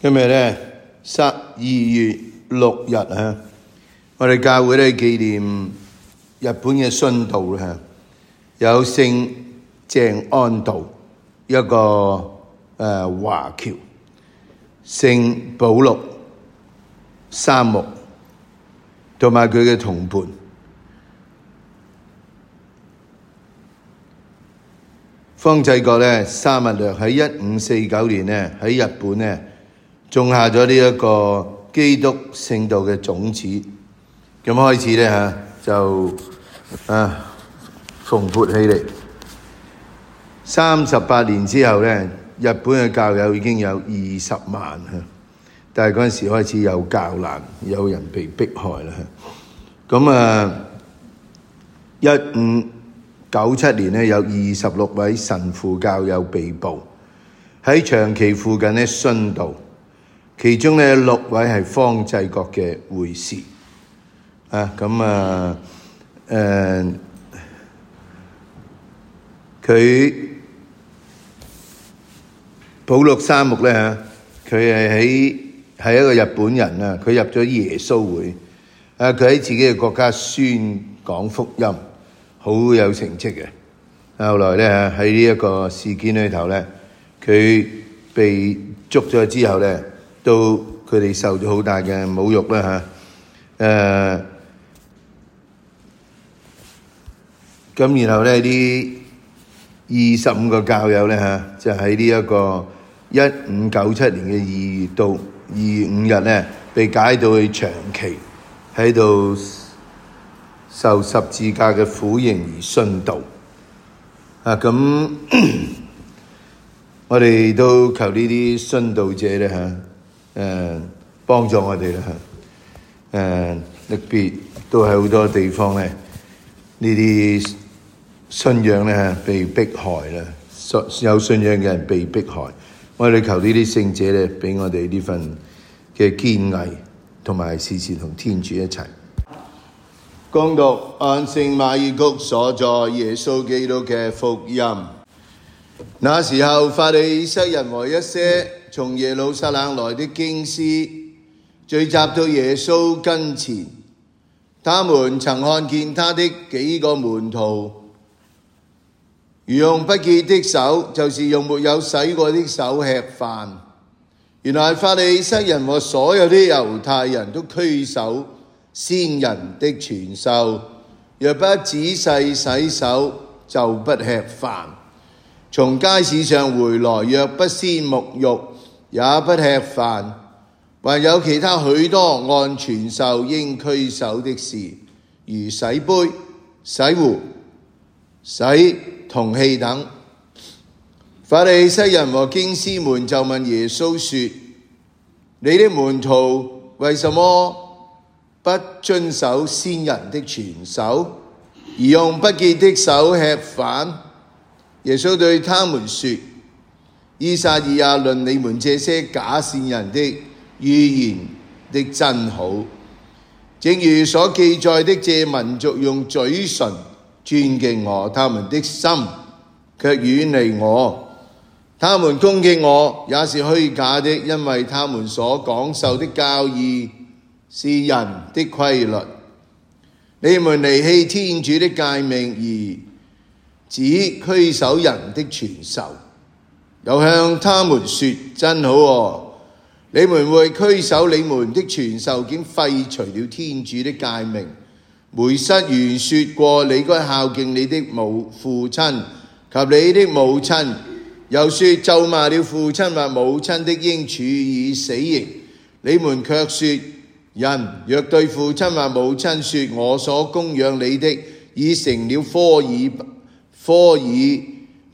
今呢日咧十二月六日啊，我哋教會咧紀念日本嘅殉道啦、啊。有聖鄭安道一個誒華僑，聖、呃、保祿、三木同埋佢嘅同伴方濟各咧，沙勿略喺一五四九年咧喺日本咧。種下咗呢一個基督聖道嘅種子，咁開始咧吓就啊蓬勃起嚟。三十八年之後咧，日本嘅教友已經有二十萬，但係嗰陣時開始有教難，有人被迫害啦。咁啊，一五九七年咧，有二十六位神父教友被捕，喺長崎附近咧殉道。其中咧六位係方濟國嘅會士啊，咁啊，誒，佢保祿三木咧吓，佢係喺喺一個日本人啊，佢入咗耶穌會啊，佢喺自己嘅國家宣講福音，好有成績嘅。後來咧吓喺呢一個事件裏頭咧，佢被捉咗之後咧。到佢哋受咗好大嘅侮辱啦嚇，誒，咁然後呢啲二十五個教友咧嚇，就喺呢一個一五九七年嘅二月到二月五日咧，被解到去長崎喺度受十字架嘅苦刑而殉道，啊，咁，我哋都求呢啲殉道者咧嚇。誒，幫助我哋啦吓，誒，特別都係好多地方咧，呢啲信仰咧吓，被迫害啦，有信仰嘅人被迫害，我哋求呢啲聖者咧，俾我哋呢份嘅堅毅，同埋時時同天主一齊。恭讀安聖馬爾谷所載，耶穌基督嘅福音。那時候，法利塞人和一些從耶路撒冷來的經師聚集到耶穌跟前，他們曾看見他的幾個門徒如用不潔的手，就是用沒有洗過的手吃飯。原來法利塞人和所有啲猶太人都拘守先人的傳授：若不仔細洗手，就不吃飯；從街市上回來，若不先沐浴。也不吃飯，還有其他許多按傳授應拘守的事，如洗杯、洗壺、洗銅器等。法利西人和經師們就問耶穌說：你的門徒為什麼不遵守先人的傳授，而用不潔的手吃飯？耶穌對他們說。依撒意亞論你們這些假善人的預言的真好，正如所記載的，這民族用嘴唇尊敬我，他們的心却遠離我。他們攻擊我也是虛假的，因為他們所講授的教義是人的規律。你們離棄天主的誡命而只拘守人的傳授。又向他們説：真好哦，你們為拘守你們的傳授，竟廢除了天主的誡命。梅瑟原説過：你該孝敬你的父親及你的母親。又説咒罵了父親或母親的應處以死刑。你們卻説：人若對父親或母親説我所供養你的已成了科爾科爾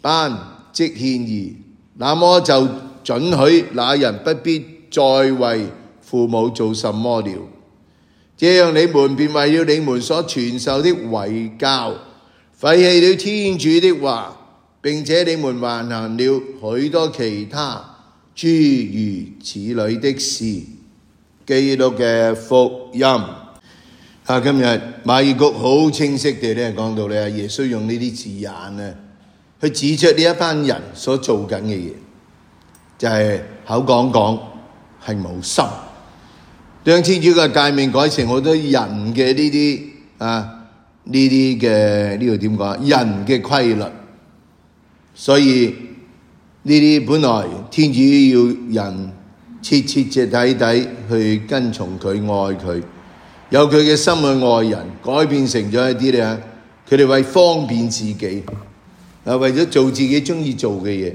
班即獻儀。那麼就准許那人不必再為父母做什麼了。這樣你們便為了你們所傳授的遺教，廢棄了天主的話，並且你們還行了許多其他諸如此類的事。基督嘅福音。啊，今日馬爾谷好清晰地咧講到咧，耶穌用呢啲字眼咧、啊。佢指出呢一班人所做緊嘅嘢，就係口講講係冇心，將天主嘅界面改成好多人嘅呢啲啊，呢啲嘅呢度點講啊？人嘅規律，所以呢啲本來天主要人徹徹徹底底去跟從佢、愛佢，有佢嘅心去愛人，改變成咗一啲咧，佢哋為方便自己。嗱，為咗做自己鍾意做嘅嘢，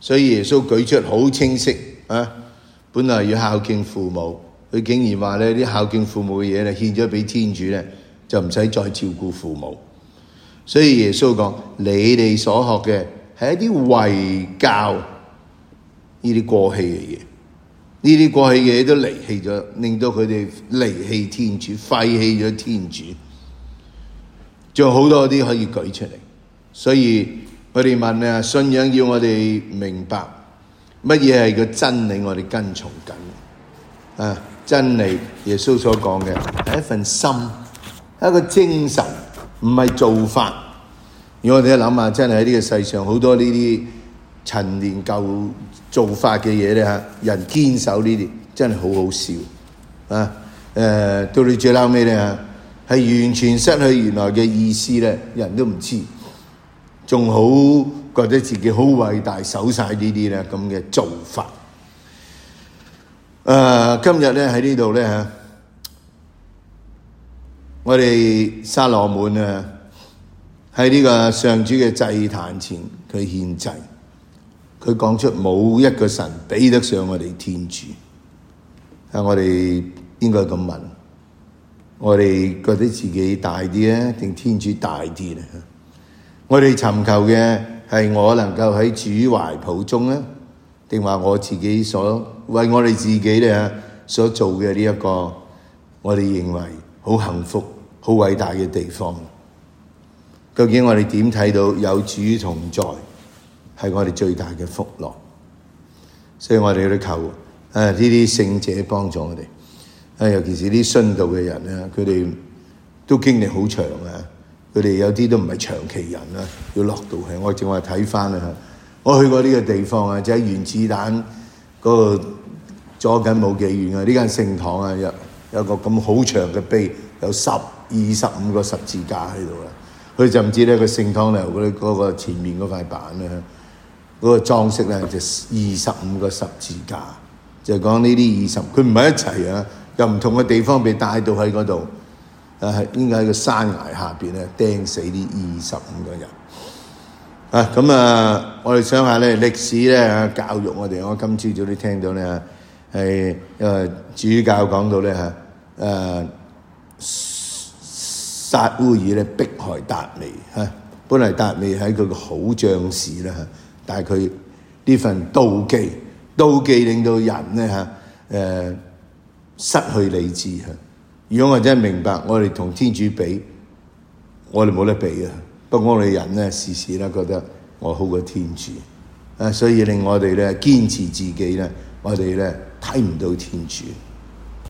所以耶穌舉出好清晰啊！本來要孝敬父母，佢竟然話咧，啲孝敬父母嘅嘢咧獻咗俾天主咧，就唔使再照顧父母。所以耶穌講：你哋所學嘅係一啲偽教，呢啲過氣嘅嘢，呢啲過氣嘅嘢都離棄咗，令到佢哋離棄天主，廢棄咗天主。仲有好多啲可以舉出嚟。所以我哋問啊，信仰要我哋明白乜嘢係個真理，我哋跟從緊啊，啊。真理耶穌所講嘅係一份心，一個精神，唔係做法。如果我哋一諗下，真係喺呢個世上好多呢啲陳年舊做法嘅嘢咧，嚇、啊、人堅守呢啲真係好好笑啊！誒、呃，到你最嬲尾咧嚇，係、啊、完全失去原來嘅意思咧，人都唔知。仲好覺得自己好偉大，守曬呢啲咧，咁嘅做法。誒，今日咧喺呢度咧啊，我哋沙羅滿沙羅門啊喺呢個上主嘅祭壇前，佢獻祭，佢講出冇一個神比得上我哋天主。啊，我哋應該咁問，我哋覺得自己大啲啊，定天主大啲咧？我哋尋求嘅係我能夠喺主懷抱中啊，定話我自己所為我哋自己咧所做嘅呢一個，我哋認為好幸福、好偉大嘅地方。究竟我哋點睇到有主同在係我哋最大嘅福樂？所以我哋都求誒呢啲聖者幫助我哋。誒，尤其是啲殉道嘅人咧，佢哋都經歷好長啊。佢哋有啲都唔係長期人啦，要落到去。我正話睇翻啊，我去過呢個地方啊，就喺原子彈嗰個左近冇幾遠啊。呢間聖堂啊，有有個咁好長嘅碑，有十二十五個十字架喺度啦。佢甚至咧個聖堂咧嗰啲嗰個前面嗰塊板咧，嗰個裝飾咧就二十五個十字架，就講呢啲二十佢唔係一齊啊，有唔同嘅地方被帶到喺嗰度。啊，應該喺個山崖下邊咧釘死呢二十五個人。啊，咁啊，我哋想下咧，歷史咧，教育我哋，我今朝早都聽到咧，係誒主教講到咧嚇，誒撒烏爾咧逼害達味嚇，本嚟達味係一個好將士啦嚇，但係佢呢份妒忌，妒忌令到人咧嚇誒失去理智嚇。如果我真係明白，我哋同天主比，我哋冇得比啊！不過我哋人呢，時時都覺得我好過天主，誒、啊，所以令我哋呢堅持自己呢，我哋呢睇唔到天主。